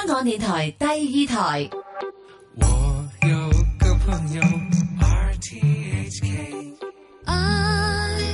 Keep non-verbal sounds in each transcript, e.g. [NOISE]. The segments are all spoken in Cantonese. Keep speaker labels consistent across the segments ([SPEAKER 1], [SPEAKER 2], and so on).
[SPEAKER 1] 香港電台第二台。我
[SPEAKER 2] 有個朋友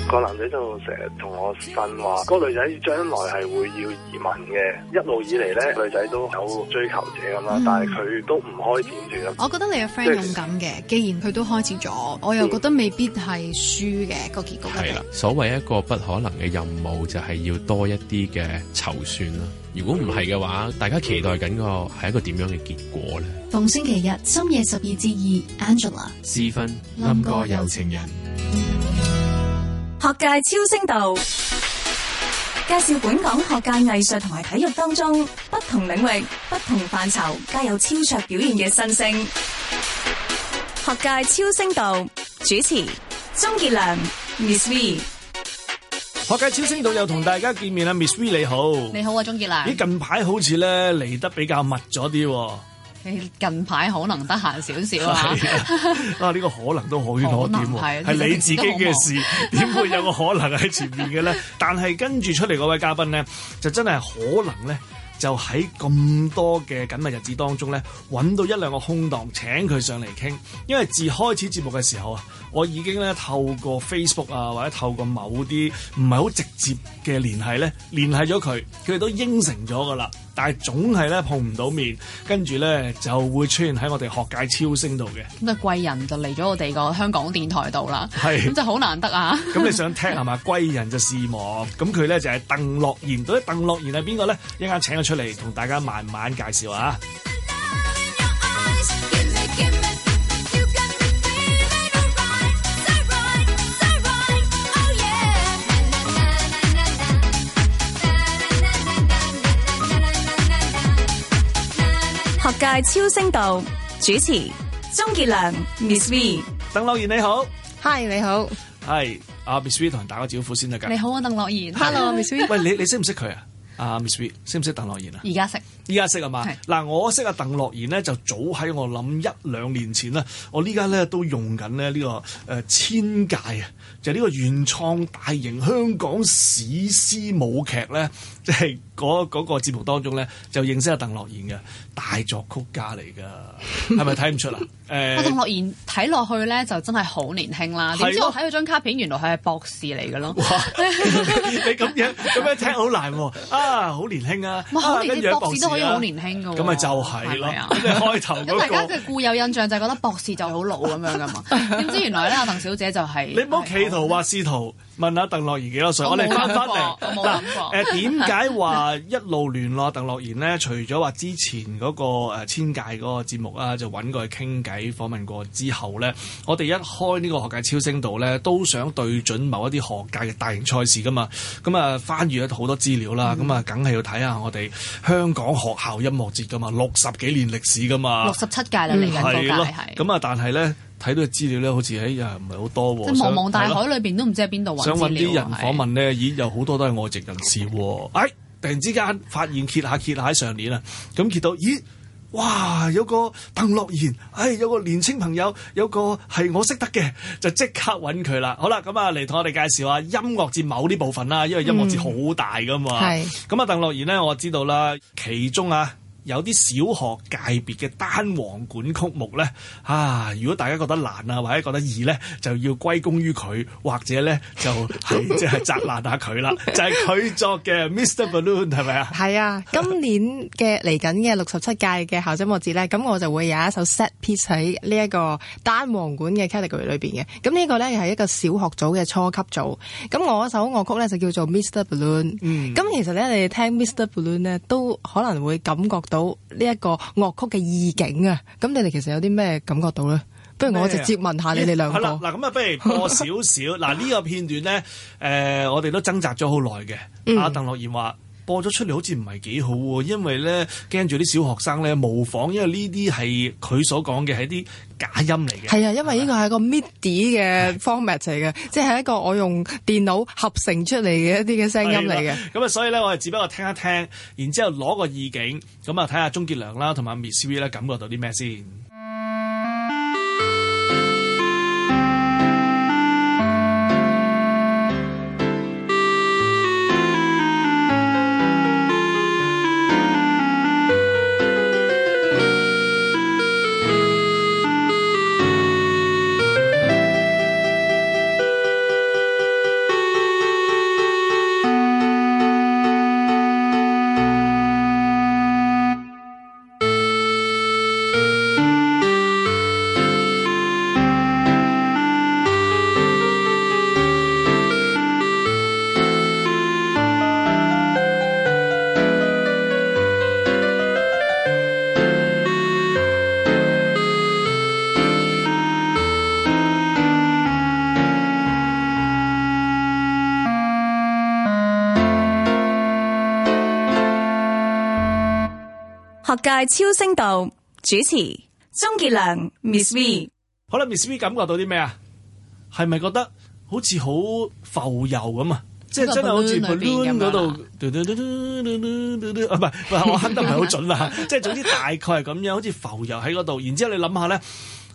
[SPEAKER 2] 個男仔就成日同我呻話，個女仔將來
[SPEAKER 3] 係會要移民
[SPEAKER 2] 嘅。一路以嚟咧，女仔都有追求者咁啦，嗯、但係佢
[SPEAKER 3] 都唔開展住。我覺得你個 friend 勇
[SPEAKER 4] 敢嘅，既然佢都
[SPEAKER 3] 開始咗，我又覺得未必係輸嘅個結果。係啦、啊，所謂一個不可能嘅
[SPEAKER 2] 任務，就係要多一啲嘅籌算啦。如果唔係嘅話，大家期待緊個係一個點樣嘅結果咧？
[SPEAKER 1] 逢星期日深夜十二至二，Angela
[SPEAKER 2] 私分，林哥有情人。嗯
[SPEAKER 1] 學界超星道介紹本港學界藝術同埋體育當中不同領域、不同範疇皆有超卓表現嘅新星。學界超星道主持鍾傑良，Miss V。學界
[SPEAKER 2] 超星道又同大家見面啦，Miss V，你好，你
[SPEAKER 1] 好啊鍾傑良。你
[SPEAKER 2] 近排好似咧嚟得比較密咗啲。
[SPEAKER 3] 近排可能得閒
[SPEAKER 2] 少少 [LAUGHS] 啊，呢、啊呢個可能都 [LAUGHS] 可遇可見喎，係你自己嘅事，點 [LAUGHS] 會有個可能喺前面嘅咧？但係跟住出嚟嗰位嘉賓咧，就真係可能咧，就喺咁多嘅緊密日子當中咧，揾到一兩個空檔請佢上嚟傾，因為自開始節目嘅時候啊，我已經咧透過 Facebook 啊或者透過某啲唔係好直接嘅聯繫咧聯繫咗佢，佢哋都應承咗㗎喇。但係總係咧碰唔到面，跟住咧就會出現喺我哋學界超星度嘅。咁
[SPEAKER 3] 啊貴人就嚟咗我哋個香港電台度啦，咁是就好難得啊！咁 [LAUGHS] 你
[SPEAKER 2] 想聽係嘛？貴人就事忙，咁佢咧就係、是、鄧樂妍，到底鄧樂妍係邊個咧？一陣間請佢出嚟同大家慢慢介紹啊！ [MUSIC] [MUSIC]
[SPEAKER 1] 界超聲道主持鍾杰良 Miss V
[SPEAKER 2] 鄧樂妍你好，Hi 你好，Hi，阿 Miss V 同人打個招呼先得㗎。你
[SPEAKER 1] 好，我鄧樂
[SPEAKER 3] 妍，Hello Miss
[SPEAKER 2] V [LAUGHS] 喂，你你認認識唔識佢啊？阿 Miss V 識唔識鄧樂妍啊？而家識。依家識吖嘛？嗱是的，我識阿鄧樂妍咧，就早喺我諗一兩年前啦。我依家咧都用緊咧呢個誒、呃、千界啊，就呢、是、個原創大型香港史詩舞劇咧，即係嗰嗰個節目當中咧就認識阿鄧樂妍嘅大作曲家嚟㗎，係咪睇唔出啊？誒、欸，阿 [LAUGHS] 鄧樂
[SPEAKER 3] 妍睇落去咧就真係好年輕啦。點知我睇佢張卡片，原來佢係博士嚟㗎咯。哇 [LAUGHS] 你
[SPEAKER 2] 咁樣咁樣聽好難喎、啊。啊，好年輕啊，啊年輕啊啊跟住 [LAUGHS] 博,士 博士都所以好年輕噶喎！咁咪就係咯，開頭。咁大家嘅
[SPEAKER 3] 固有印象就係覺得博士就好老咁樣噶嘛，點 [LAUGHS] 知原來咧阿 [LAUGHS] 鄧小姐就係、是、你
[SPEAKER 2] 唔好企圖話司徒。哎呀問下鄧樂妍幾多歲？我哋翻返嚟嗱，誒點解話一路聯絡鄧樂妍咧？除咗話之前嗰個千界嗰個節目啊，就揾過去傾偈訪問過之後咧，我哋一開呢個學界超聲道咧，都想對準某一啲學界嘅大型賽事噶嘛。咁啊翻閱咗好多資料啦，咁啊梗係要睇下我哋香港學校音樂節噶嘛，六十幾年歷史噶嘛，
[SPEAKER 3] 六十七屆啦，係
[SPEAKER 2] 咯的，咁啊的的但係咧。睇到嘅資料咧，好似誒又唔係好多喎？即茫茫大海
[SPEAKER 3] 裏邊都唔知喺邊度揾想揾啲、啊、人
[SPEAKER 2] 訪問咧，是咦又好多都係外籍人士喎！哎，突然之間發現揭下揭下喺上年啊，咁揭到咦，哇有個鄧樂妍，唉、哎，有個年青朋友，有個係我識得嘅，就即刻揾佢啦。好啦，咁啊嚟同我哋介紹下音樂節某啲部分啦，因為音樂節好大噶嘛。係、嗯。咁啊，鄧樂妍咧，我知道啦，其中啊。有啲小學界別嘅單簧管曲目咧，啊！如果大家覺得難啊，或者覺得易咧，就要歸功於佢，或者咧就係即係責難下佢啦。就係佢作嘅 Mr.Balloon 係咪啊？
[SPEAKER 5] 係啊！今年嘅嚟緊嘅六十七屆嘅校音樂節咧，咁我就會有一首 set piece 喺呢一個單簧管嘅 category 裏邊嘅。咁呢個咧係一個小學組嘅初級組。咁我嗰首樂曲咧就叫做 Mr.Balloon。嗯。咁其實咧，你哋聽 Mr.Balloon 咧，都可能會感覺到。到呢一個樂曲嘅意境啊，咁你哋其實有啲咩感覺到咧？不如我直接問下你哋兩個。係啦，
[SPEAKER 2] 嗱咁啊，不如播少少。嗱呢個片段咧，誒、呃，我哋都掙扎咗好耐嘅。阿鄧樂妍話。播咗出嚟好似唔係幾好喎，因為咧驚住啲小學生咧模仿，因為呢啲係佢所講嘅係啲假音嚟嘅。係
[SPEAKER 5] 啊，因為呢個係個 MIDI 嘅 format 嚟嘅，的即係一個我用電腦合成出嚟嘅一啲嘅聲音嚟嘅。
[SPEAKER 2] 咁啊，所以咧我係只不過聽一聽，然之後攞個意境咁啊，睇下鍾傑良啦同埋 Miss V 咧感覺到啲咩先。
[SPEAKER 1] 界超聲道主持鍾傑良
[SPEAKER 2] Miss V，可能 Miss V 感覺到啲咩啊？係咪覺得好似好浮游咁啊？即係真係好似嗰度，唔係唔係我哼得唔係好準啦。即係總之大概係咁樣，好似浮游喺嗰度。然之後你諗下咧，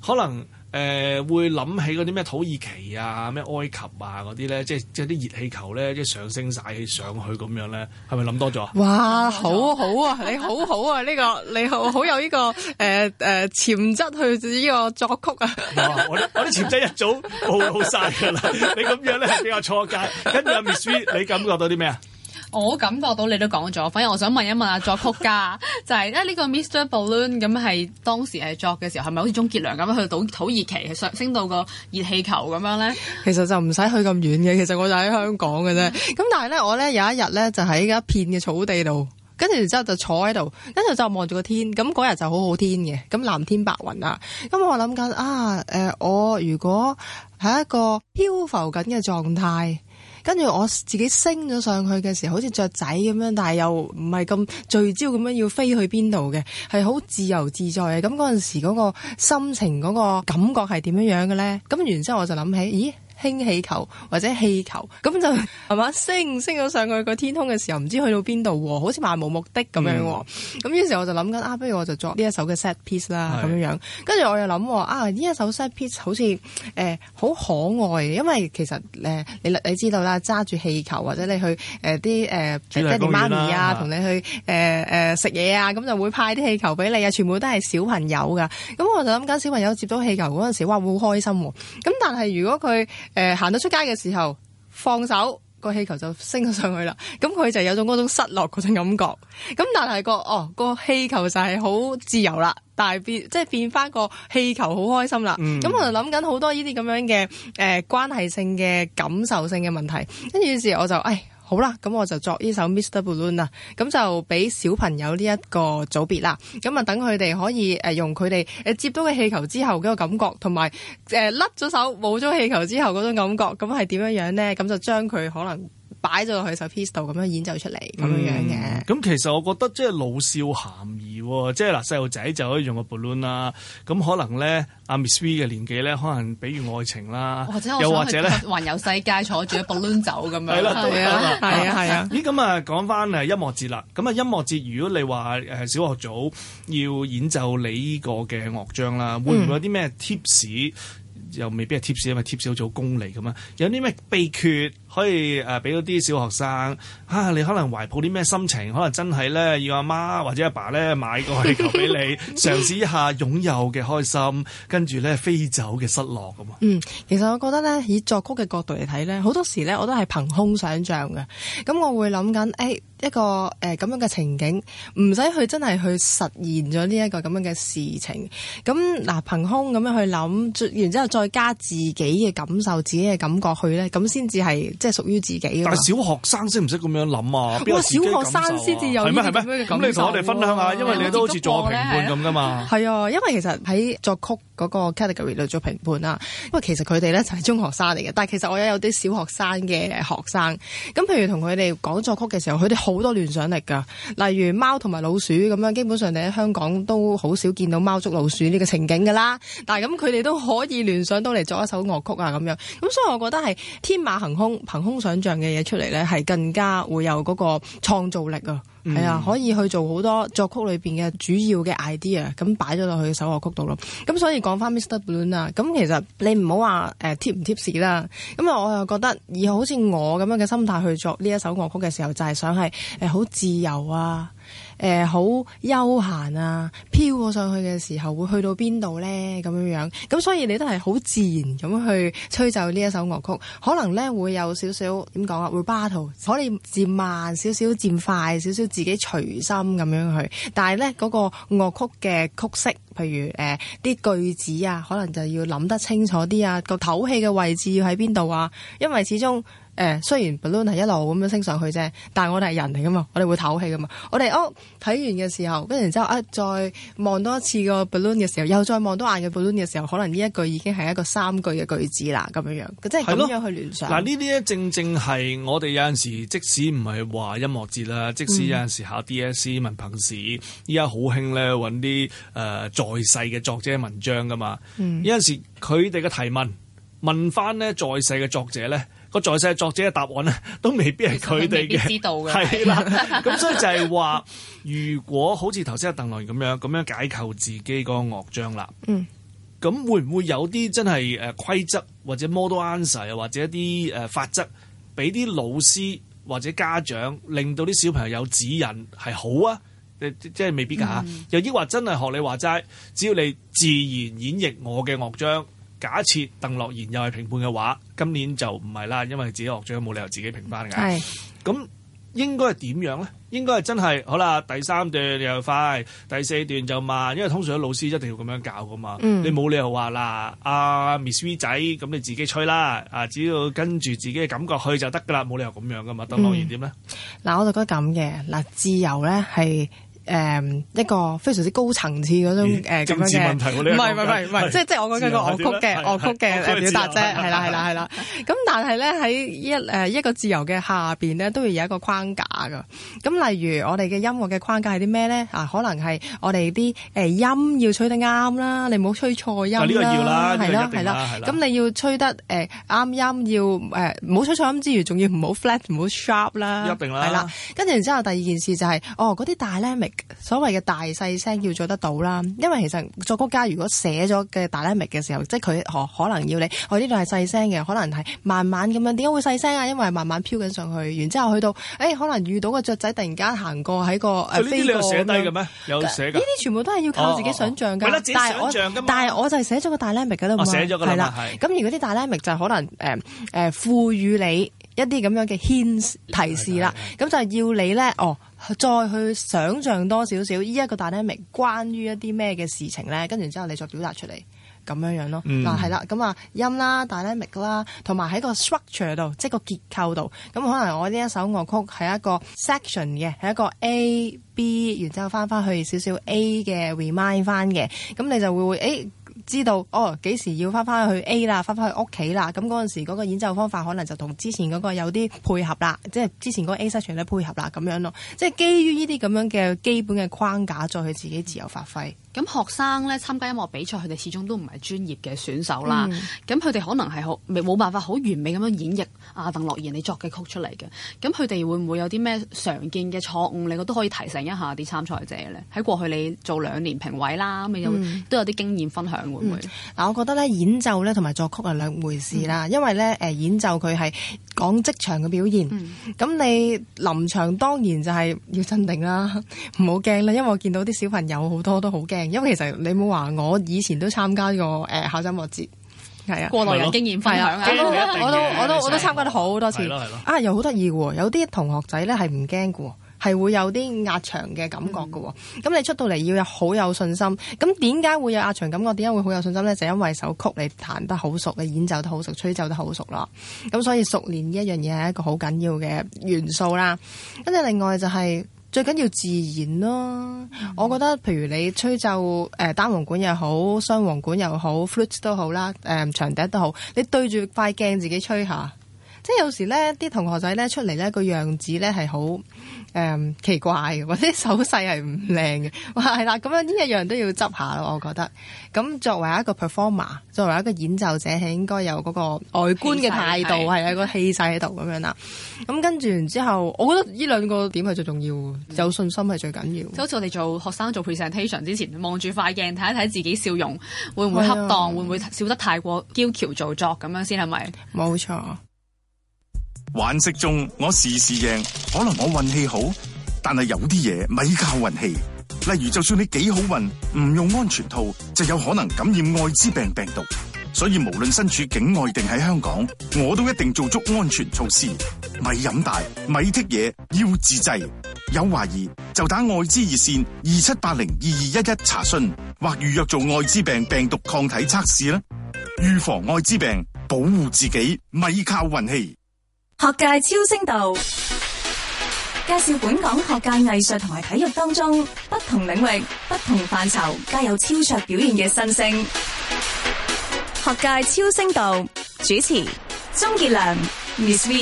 [SPEAKER 2] 可能。誒、呃、會諗起嗰啲咩土耳其啊、咩埃及啊嗰啲咧，即係即係啲熱氣球咧，即係上升曬上去咁樣咧，係咪諗多咗？哇！
[SPEAKER 5] 好好啊，你好好啊，呢、 [LAUGHS] 呢個你好好有呢、呢個誒誒、呃呃、潛質去自己個作曲啊！我我啲
[SPEAKER 2] 潛質一早暴露曬㗎啦！ [LAUGHS] [LAUGHS] 你咁樣咧，比較錯解，跟住阿 Miss V 你感覺到啲咩啊？
[SPEAKER 3] 我感覺到你都講咗，反而我想問一問啊，作曲家 [LAUGHS] 就係，因呢個 Mr. Balloon 咁係當時係作嘅時候，係咪好似鍾傑良咁樣去土耳其上升到個熱氣球咁樣咧？
[SPEAKER 5] 其實就唔使去咁遠嘅，其實我就喺香港嘅啫。咁 [LAUGHS] 但係咧，我咧有一日咧就喺一片嘅草地度，跟住之後就坐喺度，跟住就望住個天。咁嗰日就好好天嘅，咁藍天白雲啊。咁我諗緊啊，誒，我如果喺一個漂浮緊嘅狀態。跟住我自己升咗上去嘅時候，好似雀仔咁樣，但係又唔係咁聚焦咁樣要飛去邊度嘅，係好自由自在嘅。咁嗰陣時嗰個心情嗰個感覺係點樣樣嘅咧？咁然之後我就諗起，咦？氫氣球或者氣球咁就係嘛。 [LAUGHS] 升升咗上去個天空嘅時候，唔知去到邊度，好似漫無目的咁樣。咁於、嗯、是我就諗緊啊，不如我就作呢一首嘅 set piece 啦，咁樣是樣。跟住我又諗啊，呢一首 set piece 好似誒好可愛，因為其實誒、呃、你你知道啦，揸住氣球或者你去誒啲誒爹哋媽咪啊，同你去誒誒、呃呃、食嘢啊，咁就會派啲氣球俾你啊，全部都係小朋友噶。咁我就諗緊小朋友接到氣球嗰陣時，哇會好開心。咁但係如果佢誒，行到、呃、出街嘅時候，放手個氣球就升咗上去啦。咁佢就有種嗰種失落嗰種感覺。咁但係、個哦、個氣球就係好自由啦，但係變即係變翻個氣球好開心啦。咁、嗯、我就諗緊好多呢啲咁樣嘅誒、呃、關係性嘅感受性嘅問題。跟住於是我就誒。好啦，咁我就作呢首 Mr. Balloon 啦，咁就俾小朋友呢一個組別啦，咁啊等佢哋可以誒、呃、用佢哋誒接到個氣球之後個感覺，同埋誒甩咗手冇咗氣球之後嗰種感覺，咁係點樣樣咧？咁就將佢可能。擺咗落去首 pistol 咁樣演奏出嚟咁、嗯、
[SPEAKER 2] 樣嘅。咁、嗯、其實我覺得即係老少咸宜喎，即係嗱細路仔就可以用個 balloon 啦。咁可能咧，阿、啊、Miss V 嘅年紀咧，可能比如愛情啦，或者 又或者咧
[SPEAKER 3] 環遊世界坐住個 balloon 走咁樣。係啦，係啊、嗯，係啊，係啊 Yep.。
[SPEAKER 2] 咦，咁啊講翻誒音樂節啦。咁啊音樂節，如果你話誒小學組要演奏你呢個嘅樂章啦，嗯、會唔會有啲咩 tips？又未必係 tips，因為 tips 好似好功利咁啊。有啲咩秘訣？可以誒俾到啲小學生嚇、啊，你可能懷抱啲咩心情？可能真係咧要阿媽或者阿爸咧買個氣球俾你， [LAUGHS] 嘗試一下擁有嘅開心，跟住咧飛走嘅失落咁喎。
[SPEAKER 5] 嗯，其實我覺得咧，以作曲嘅角度嚟睇咧，好多時咧我都係憑空想像嘅。咁我會諗緊誒一個誒咁、呃、樣嘅情景，唔使去真係去實現咗呢一個咁樣嘅事情。咁嗱、呃，憑空咁樣去諗，然之後再加自己嘅感受、自己嘅感覺去咧，咁先至係。即係屬於自己、嗯、但係小學生識
[SPEAKER 2] 唔識咁樣諗啊？哇、啊！小學生
[SPEAKER 5] 先至有呢係咩？係咩嗎？咁、啊、你同我哋分享下，因為你都好似做評判咁嘅嘛。係啊，因為其實喺作曲嗰個 category 度做評判啦。因為其實佢哋咧就係、是、中學生嚟嘅，但係其實我有啲小學生嘅學生。咁譬如同佢哋講作曲嘅時候，佢哋好多聯想力㗎。例如貓同埋老鼠咁樣，基本上你喺香港都好少見到貓捉老鼠呢個情景㗎啦。但係咁佢哋都可以聯想到嚟作一首樂曲啊咁樣。咁所以我覺得係天馬行空。憑空想像嘅嘢出嚟咧，係更加會有嗰個創造力啊，係、嗯、啊，可以去做好多作曲裏邊嘅主要嘅 idea，咁擺咗落去首樂曲度咯。咁所以講翻 Mr. Bloom 啊，咁其實你唔好話誒貼唔貼士啦。咁啊，我又覺得以好似我咁樣嘅心態去作呢一首樂曲嘅時候，就係、是、想係誒好自由啊。誒，好、呃、悠閒啊！飄過上去嘅時候，會去到邊度呢？咁樣樣，咁所以你都係好自然咁去吹奏呢一首樂曲，可能呢會有少少、啊、會 ato, 少少點講啊 rubato 可以漸慢少少，漸快少少，自己隨心咁樣去。但係呢嗰、嗰個樂曲嘅曲式，譬如誒啲、呃、句子啊，可能就要諗得清楚啲啊，個唞氣嘅位置要喺邊度啊？因為始終。誒，雖然 balloon 係一路咁樣升上去啫，但係我哋係人嚟噶嘛，我哋會唞氣噶嘛。我哋我睇完嘅時候，跟住然之後啊，再望多一次個 balloon 嘅時候，又再望多眼嘅 balloon 嘅時候，可能呢一句已經係一個三句嘅句子啦。咁樣樣，即係咁樣去聯想嗱。呢啲
[SPEAKER 2] 咧正正係我哋有陣時，即使唔係話音樂節啦，即使有陣時考 DSE 文憑試，依家好興咧揾啲誒在世嘅作者文章噶嘛。有陣時佢哋嘅提問問翻咧在世嘅作者咧。個在世作者嘅答案咧，都未必係佢哋嘅，係啦。咁所以就係話， [LAUGHS] [LAUGHS] 如果好似頭先阿鄧樂妍咁樣咁樣解構自己個樂章啦，嗯，咁會唔會有啲真係誒規則或者 model answer 或者一啲誒法則，俾啲老師或者家長令到啲小朋友有指引係好啊？誒，即係未必㗎嚇。嗯、又抑或真係學你話齋，只要你自然演繹我嘅樂章。假設鄧樂妍又係評判嘅話，今年就唔係啦，因為自己學長冇理由自己評翻㗎。係是，咁應該係點樣咧？應該係真係好啦，第三段你又快，第四段就慢，因為通常老師一定要咁樣教噶嘛。嗯、你冇理由話嗱，阿、啊、Miss V 仔咁你自己吹啦，啊只要跟住自己嘅感覺去就得㗎啦，冇理由咁樣㗎嘛。鄧樂妍點咧？
[SPEAKER 5] 嗱、嗯嗯，我就覺得咁嘅嗱，自由咧係。誒一個非常之高層次嗰種誒咁樣嘅問題，唔係唔係唔係，即係即係我講緊個樂曲嘅樂曲嘅表達啫，係啦係啦係啦。咁但係咧，喺一誒一個自由嘅下邊咧，都要有一個框架噶。咁例如我哋嘅音樂嘅框架係啲咩咧？啊，可能係我哋啲誒音要吹得啱啦，你唔好吹錯音啦，係啦係啦。咁你要吹得誒啱音，要誒唔好吹錯音之餘，仲要唔好 flat 唔好 sharp 啦，一定啦，係啦。跟住然之後，第二件事就係哦，嗰啲大所謂嘅大細聲要做得到啦，因為其實作曲家如果寫咗嘅 dynamic 嘅時候，即係佢可可能要你我呢度係細聲嘅，可能係慢慢咁樣。點解會細聲啊？因為係慢慢飄緊上去，然之後去到誒、欸，可能遇到個雀仔突然間行過喺個誒飛過。你係寫低嘅咩？有寫噶？呢啲全部都係要靠自己想象噶。係啦，自己想象噶嘛。但係我就係寫咗個 dynamic 噶啦，寫咗噶啦。係啦，咁如果啲 dynamic 就可能誒誒賦予你。一啲咁樣嘅 hint 提示啦，咁 [MUSIC] 就係要你咧哦，再去想象多少少依一點點個 dynamic 關於一啲咩嘅事情咧，跟住之後你再表達出嚟咁樣樣咯。嗱係、嗯啊、啦，咁啊音啦 dynamic 啦，同埋喺個 structure 度，即係個結構度，咁可能我呢一首樂曲係一個 section 嘅，係一個 A B，然之後翻翻去少少 A 嘅 remind 翻嘅，咁你就會會 A。誒知道哦，幾時要翻翻去 A 啦，翻翻去屋企啦。咁嗰陣時嗰個演奏方法可能就同之前嗰個有啲配合啦，即係之前個 A 室場咧配合啦咁樣咯。即係基於呢啲咁樣嘅基本嘅框架，再去自己自由發揮，
[SPEAKER 3] 咁、嗯、學生咧參加音樂比賽，佢哋始終都唔係專業嘅選手啦。咁佢哋可能係好冇辦法好完美咁樣演繹阿鄧樂妍你作嘅曲出嚟嘅。咁佢哋會唔會有啲咩常見嘅錯誤，你覺都可以提醒一下啲參賽者咧？喺過去你做兩年評委啦，咁你又都有啲經驗分享
[SPEAKER 5] 嗱、嗯，我覺得咧演奏咧同埋作曲係兩回事啦，嗯、因為咧誒演奏佢係講即場嘅表現，咁、嗯、你臨場當然就係要鎮定啦，唔好驚啦，因為我見到啲小朋友好多都好驚，因為其實你冇話我以前都參加過誒校際音樂節，係啊，過來人經驗分享啊，我都我都我都我都參加咗好多次，係咯、啊又好得意喎，有啲同學仔咧係唔驚嘅喎。係會有啲壓場嘅感覺嘅、哦，咁、嗯、你出到嚟要有好有信心。咁點解會有壓場感覺？點解會好有信心呢？就是、因為首曲你彈得好熟，你演奏得好熟，吹奏得好熟咯。咁所以熟練呢一樣嘢係一個好緊要嘅元素啦。跟住另外就係、是、最緊要自然咯。嗯、我覺得，譬如你吹奏誒、呃、單簧管又好，雙簧管又好，flutes 都好啦，誒、呃、長笛都好，你對住塊鏡自己吹下，即係有時呢啲同學仔呢出嚟呢個樣子呢係好。誒、嗯，奇怪嘅或者手勢係唔靚嘅，哇係啦，咁樣呢一樣都要執下咯，我覺得。咁、嗯、作為一個 performer，作為一個演奏者係應該有嗰個外觀嘅態度，係有個氣勢喺度咁樣啦。咁、嗯嗯、跟住完之後，我覺得呢兩個點係最重要，有信心係最緊要。就
[SPEAKER 3] 好似我哋做學生做 presentation 之前，望住塊鏡睇一睇自己笑容會唔會恰當，的會唔會笑得太過嬌俏做作咁樣先係咪？冇
[SPEAKER 5] 錯。
[SPEAKER 2] 玩骰中我時時贏，可能我運氣好，但係有啲嘢咪靠運氣。例如，就算你幾好運，唔用安全套就有可能感染艾滋病病毒。所以無論身處境外定喺香港，我都一定做足安全措施。咪飲大，咪剔嘢，要自制。有懷疑就打愛滋熱線二七八零二二一一查詢或預約做艾滋病病毒抗體測試啦。預防艾滋病，保護自己，咪靠運氣。
[SPEAKER 1] 學界超星道介紹本港學界藝術同埋體育當中不同領域、不同範疇皆有超卓表現嘅新星。學界超星道主持鍾傑良、Miss V。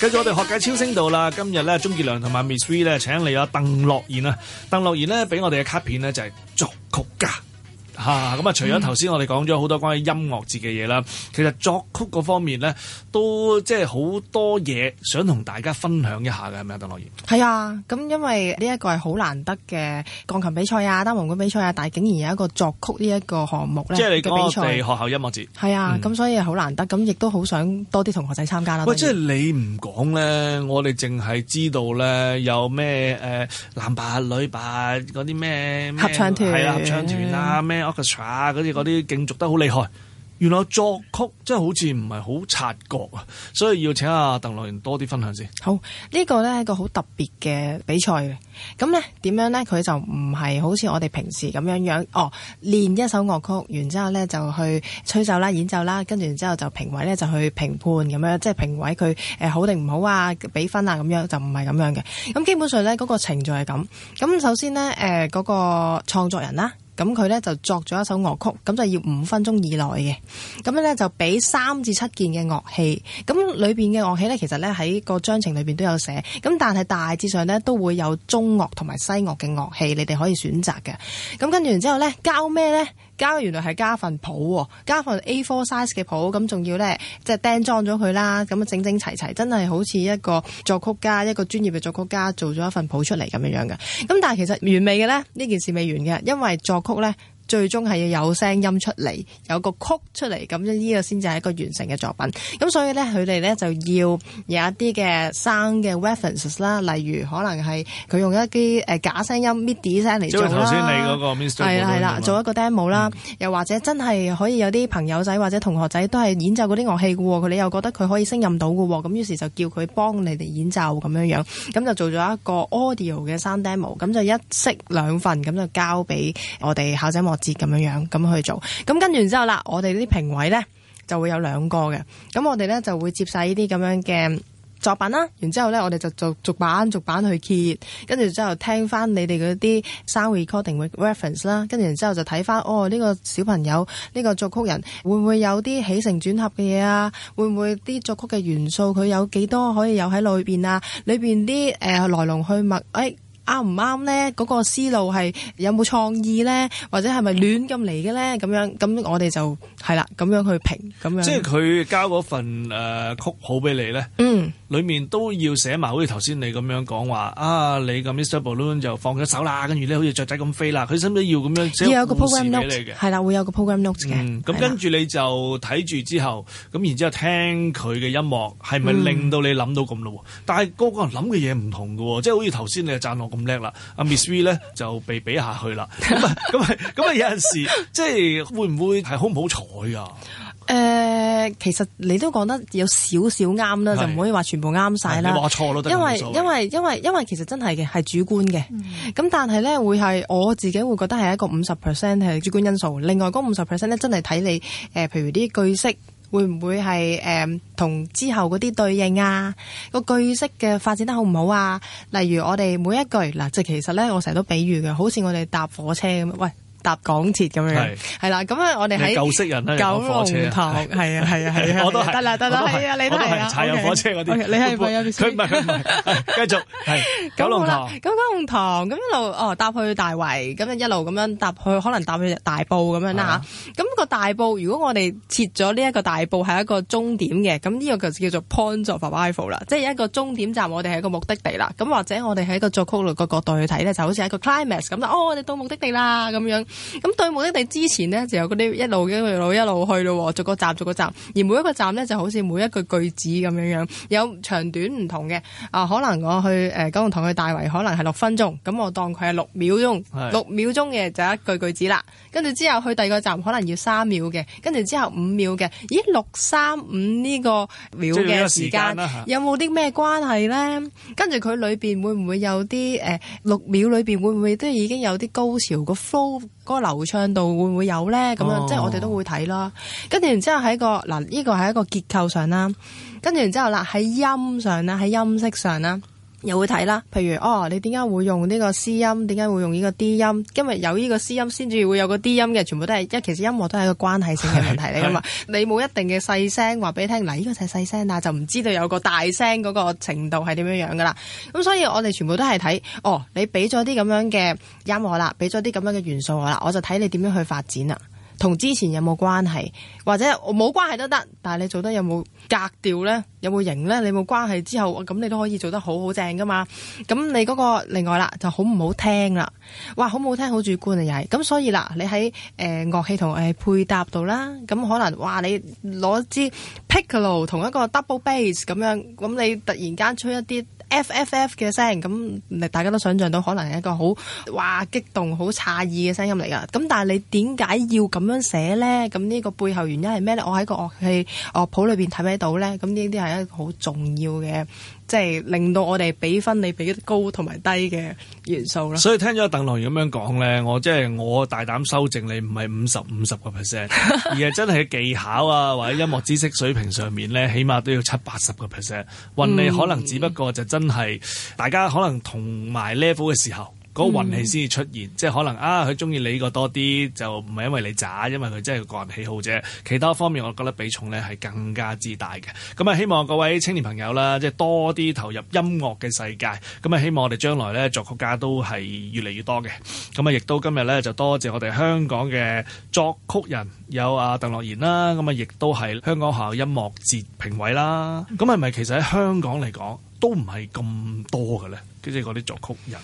[SPEAKER 2] 繼續，我哋學界超星道啦，今日咧鍾傑良同埋 Miss V 咧，請嚟阿鄧樂妍啦，鄧樂妍咧俾我哋嘅卡片咧就係、是、作曲家。嚇，咁啊！除咗頭先我哋講咗好多關於音樂節嘅嘢啦，其實作曲嗰方面咧，都即係好多嘢想同大家分享一下嘅，係咪啊，鄧樂妍？
[SPEAKER 5] 係啊，咁因為呢一個係好難得嘅鋼琴比賽啊、單簧管比賽啊，但係竟然有一個作曲個呢一個項目咧，即係你即係我哋
[SPEAKER 2] 學校音樂節，係啊，
[SPEAKER 5] 咁、嗯、所以好難得，咁亦都好想多啲同學仔參加啦、啊。喂，以即係
[SPEAKER 2] 你唔講咧，我哋淨係知道咧有咩誒、呃、男拔女拔嗰啲咩合唱團係合唱團啊咩？嗰啲嗰啲競逐得好厲害，原來作曲真係好似唔係好察覺啊，所以要請阿鄧樂妍多啲分享先。
[SPEAKER 5] 好，這個，呢個咧係一個特別、好特別嘅比賽嘅，咁咧點樣咧佢就唔係好似我哋平時咁樣樣哦，練一首樂曲，然之後咧就去吹奏啦，演奏啦，跟住然之後就評委咧就去評判咁樣，即係評委佢誒好定唔好啊，畀分啊咁樣就唔係咁樣嘅，咁基本上咧嗰，那個程序係咁，咁首先咧誒嗰個創作人啦。咁佢咧就作咗一首樂曲，咁就要五分鐘以內嘅。咁咧就俾三至七件嘅樂器，咁裏邊嘅樂器咧，其實咧喺個章程裏邊都有寫。咁但係大致上咧都會有中樂同埋西樂嘅樂器，你哋可以選擇嘅。咁跟住然之後咧，交咩咧？加原來係加份譜，加份 A4 size 嘅譜，咁仲要呢，即係釘裝咗佢啦，咁啊，整整齊齊，真係好似一個作曲家，一個專業嘅作曲家做咗一份譜出嚟咁樣樣嘅。咁但係其實完美嘅呢，呢件事未完嘅，因為作曲呢。最終係要有聲音出嚟，有個曲出嚟，咁樣，呢個先至係一個完成嘅作品。咁、嗯、所以咧，佢哋咧就要有一啲嘅聲嘅 references 啦，例如可能係佢用一啲誒假聲音 midi 聲嚟做啦。係啦係啦，啊、做一個 demo 啦、嗯。又或者真係可以有啲朋友仔或者同學仔都係演奏嗰啲樂器嘅喎，佢哋又覺得佢可以勝任到嘅喎，咁於是就叫佢幫你哋演奏咁樣樣。咁就做咗一個 audio 嘅聲 demo，咁就一式兩份，咁就交俾我哋考證網。節咁樣樣咁去做，咁跟住完之後啦，我哋呢啲評委呢就會有兩個嘅，咁我哋呢就會接晒呢啲咁樣嘅作品啦。然之後咧，我哋就逐逐版逐版去揭，跟住之後聽翻你哋嗰啲 sound recording reference 啦。跟住然之後就睇翻哦，呢個小朋友呢個作曲人會唔會有啲起承轉合嘅嘢啊？會唔會啲作曲嘅元素佢有幾多可以有喺裏邊啊？裏邊啲誒來龍去脈誒？哎啱唔啱咧？嗰個思路係有冇創意咧？或者係咪亂咁嚟嘅咧？咁樣咁我哋就係啦，咁樣去評咁樣。即係佢
[SPEAKER 2] 交嗰份誒曲譜俾你咧，嗯，裏面都要寫埋好似頭先你咁樣講話啊，你咁 Mr. Balloon 就放咗手啦，跟住咧好似雀仔咁飛啦。佢使唔使要咁樣寫個故事俾你嘅？係
[SPEAKER 5] 啦，會有個 program note 嘅。嗯，咁跟
[SPEAKER 2] 住你就睇住之後，咁然之後聽佢嘅音樂係咪令到你諗到咁咯？但係個個人諗嘅嘢唔同嘅喎，即係好似頭先你又讚我。咁叻啦，阿 Miss V 咧就被比下去啦。咁啊，咁啊，咁啊，有陣時即係會唔會係好唔好彩啊？
[SPEAKER 5] 誒，其實你都講得有少少啱啦，是就唔可以話全部啱晒啦。你話錯咯，因為因為因為因為其實真係嘅係主觀嘅。咁但係咧會係我自己會覺得係一個五十 percent 係主觀因素，另外嗰五十 percent 咧真係睇你誒、呃，譬如啲句式。會唔會係誒同之後嗰啲對應啊？個句式嘅發展得好唔好啊？例如我哋每一句嗱，即係其實咧我成日都比喻嘅，好似我哋搭火車咁，喂。搭港鐵咁樣，係啦。咁啊，我哋喺舊式人九龍塘係啊，係啊，係啊。我都係。得啦，得啦。係啊，你係啊。踩緊火車嗰啲，你係咪係啊？佢唔
[SPEAKER 2] 係，佢唔係。
[SPEAKER 5] 繼續係九龍塘。咁九龍塘咁一路哦，搭去大圍。咁啊一路咁樣搭去，可能搭去大埔咁樣啦嚇。咁個大埔，如果我哋設咗呢一個大埔係一個終點嘅，咁呢個就叫做 point of arrival 啦，即係一個終點站，我哋係一個目的地啦。咁或者我哋喺個作曲嘅角度去睇咧，就好似一個 climax 咁啦。哦，我哋到目的地啦咁樣。咁對目的地之前呢，就有嗰啲一路一路一路去咯喎，逐個站逐個站，而每一個站呢，就好似每一句句子咁樣樣，有長短唔同嘅。啊，可能我去誒九龍塘，去大圍，可能係六分鐘，咁我當佢係六秒鐘，六是秒鐘嘅就一句句子啦。跟住之後去第二個站可能要三秒嘅，跟住之後五秒嘅，咦，六三五呢個秒嘅時間有冇啲咩關係呢？跟住佢裏邊會唔會有啲誒六秒裏邊會唔會都已經有啲高潮個 flow？嗰流暢度會唔會有咧？咁樣、oh。即係我哋都會睇啦。跟住然之後喺個嗱，呢個係一個結構上啦。跟住然之後啦，喺音上啦，喺音色上啦。又會睇啦，譬如哦，你點解會用呢個 C 音？點解會用呢個 D 音？因為有呢個 C 音先至會有個 D 音嘅，全部都係因為其實音樂都係一個關係性嘅問題嚟噶嘛。你冇一定嘅細聲，話俾你聽，嗱，呢個就係細聲，但就唔知道有個大聲嗰個程度係點樣樣噶啦。咁所以我哋全部都係睇哦，你俾咗啲咁樣嘅音樂啦，俾咗啲咁樣嘅元素我啦，我就睇你點樣去發展啦。同之前有冇關係，或者冇關係都得，但係你做得有冇格調咧？有冇型咧？你冇關係之後，咁你都可以做得好好正噶嘛？咁你、嗰個另外啦，就好唔好聽啦？哇，好唔好聽好主觀啊，又係，咁。所以啦，你喺誒樂器同誒、呃、配搭度啦，咁可能哇，你攞支 piccolo 同一個 double bass 咁樣，咁你突然間吹一啲。fff 嘅聲，咁大家都想象到可能係一個好哇激動、好詫異嘅聲音嚟噶。咁但係你點解要咁樣寫呢？咁呢個背後原因係咩呢？我喺個樂器樂譜裏邊睇唔睇到呢？咁呢啲係一個好重要嘅。即係令到我哋比分你比高同埋低嘅元素
[SPEAKER 2] 啦，所以聽咗鄧樂妍咁樣講咧，我即係我大膽修正，你唔係五十五十個 percent，而係真係技巧啊或者音樂知識水平上面咧，起碼都要七八十個 percent。運力可能只不過就真係、嗯、大家可能同埋 level 嘅時候。嗰運氣先至出現，嗯、即係可能啊，佢中意你呢個多啲，就唔係因為你渣，因為佢真係個人喜好啫。其他方面，我覺得比重咧係更加之大嘅。咁啊，希望各位青年朋友啦，即係多啲投入音樂嘅世界。咁啊，希望我哋將來咧作曲家都係越嚟越多嘅。咁啊，亦都今日咧就多謝我哋香港嘅作曲人有啊，鄧樂妍啦。咁啊，亦都係香港學校音樂節評委啦。咁係咪其實喺香港嚟講都唔係咁多嘅咧？即係嗰啲作曲人。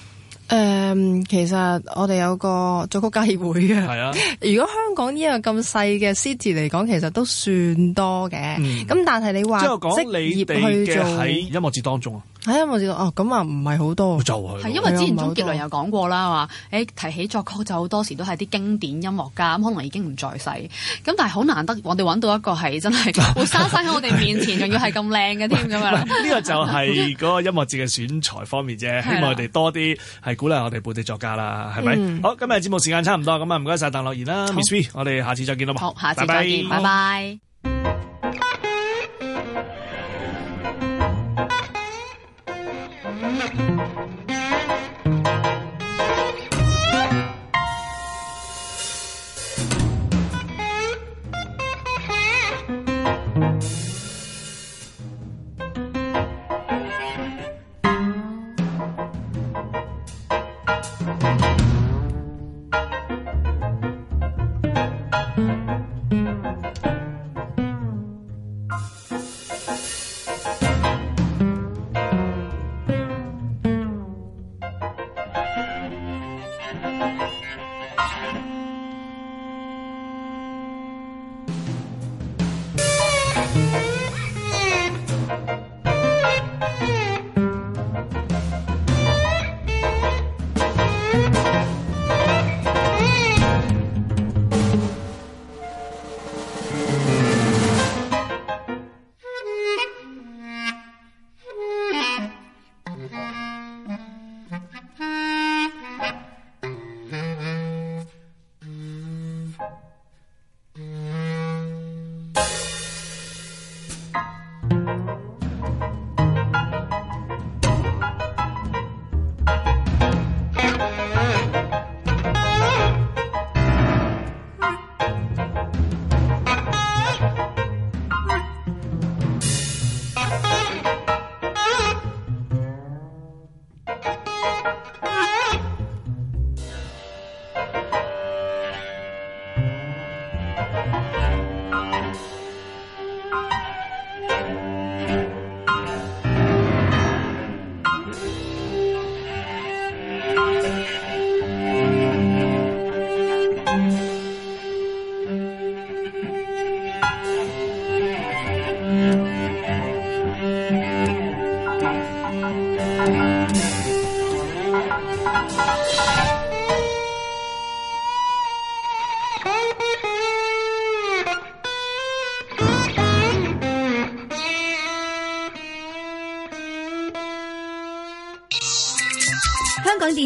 [SPEAKER 5] 誒，um, 其實我哋有個作曲家協會嘅，啊、如果香港呢個咁細嘅 city 嚟講，其實都算多嘅。咁、嗯、但係你話話職業嘅喺音樂節當中啊？係啊，我知哦，咁啊，唔係好多，就係，係因為之前鍾傑良
[SPEAKER 3] 有講過啦，話，誒提起作曲就好多時都係啲經典音樂家，咁可能已經唔在世。咁但係好難得，我哋揾到一個係真係會生生喺我哋面前，仲要係咁靚嘅添咁樣。呢個就係
[SPEAKER 2] 嗰個音樂節嘅選材方面啫，希望我哋多啲係鼓勵我哋本地作家啦，係咪？好，今日節目時間差唔多，咁啊唔該晒鄧樂妍啦，Miss V，我哋下次再見啦，好，下次再見，拜
[SPEAKER 3] 拜。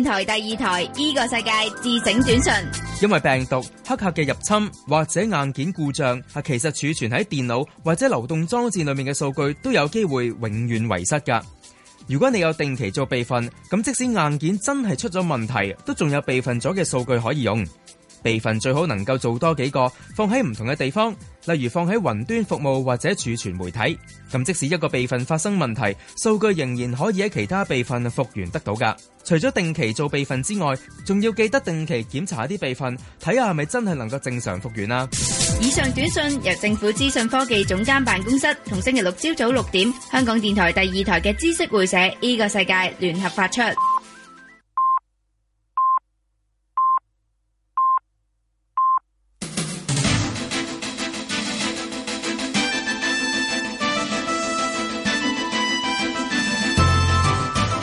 [SPEAKER 4] 台第二台，呢個世界自整轉順。
[SPEAKER 5] 因為病毒、黑客嘅入侵或者硬件故障，係其實儲存喺電腦或者流動裝置裏面嘅數據都有機會永遠遺失噶。如果你有定期做備份，咁即使硬件真係出咗問題，都仲有備份咗嘅數據可以用。備份最好能夠做多幾個，放喺唔同嘅地方，例如放喺雲端服務或者儲存媒體。咁即使一個備份發生問題，數據仍然可以喺其他備份復原得到噶。除咗定期做備份之外，仲要記得定期檢查啲備份，睇下係咪真係能夠正常復原啊。
[SPEAKER 4] 以上短信由政府資訊科技總監辦公室同星期六朝早六點香港電台第二台嘅知識會社呢個世界聯合發出。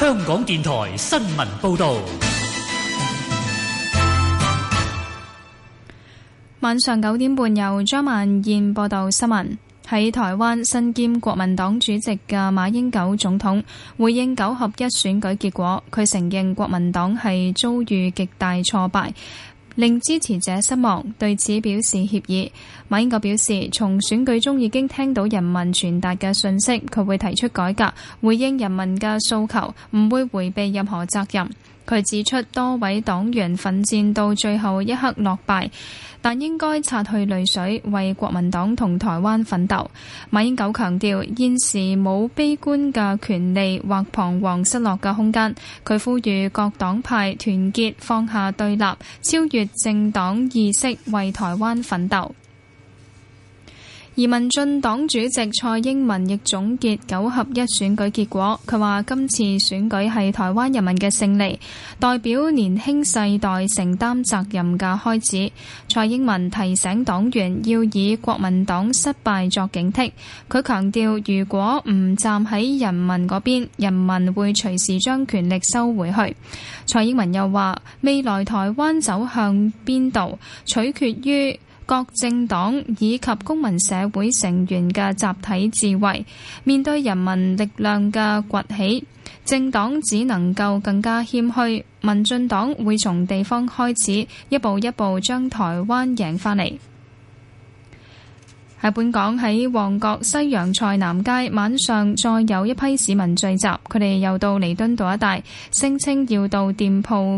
[SPEAKER 3] 香港電台新聞報導，
[SPEAKER 4] 晚上九點半由張萬燕報道新聞。喺台灣身兼國民黨主席嘅馬英九總統，回應九合一選舉結果，佢承認國民黨係遭遇極大挫敗。令支持者失望，對此表示歉意。馬英九表示，從選舉中已經聽到人民傳達嘅訊息，佢會提出改革，回應人民嘅訴求，唔會迴避任何責任。佢指出多位黨員奮戰到最後一刻落敗。但應該擦去淚水，為國民黨同台灣奮鬥。馬英九強調，現時冇悲觀嘅權利或彷徨失落嘅空間。佢呼籲各黨派團結，放下對立，超越政黨意識，為台灣奮鬥。移民進黨主席蔡英文亦總結九合一選舉結果，佢話今次選舉係台灣人民嘅勝利，代表年輕世代承擔責任嘅開始。蔡英文提醒黨員要以國民黨失敗作警惕，佢強調如果唔站喺人民嗰邊，人民會隨時將權力收回去。蔡英文又話未來台灣走向邊度取決於，各政黨以及公民社會成員嘅集體智慧，面對人民力量嘅崛起，政黨只能夠更加謙虛。民進黨會從地方開始，一步一步將台灣贏翻嚟。喺本港，喺旺角西洋菜南街晚上再有一批市民聚集，佢哋又到彌敦道一帶，聲稱要到店鋪。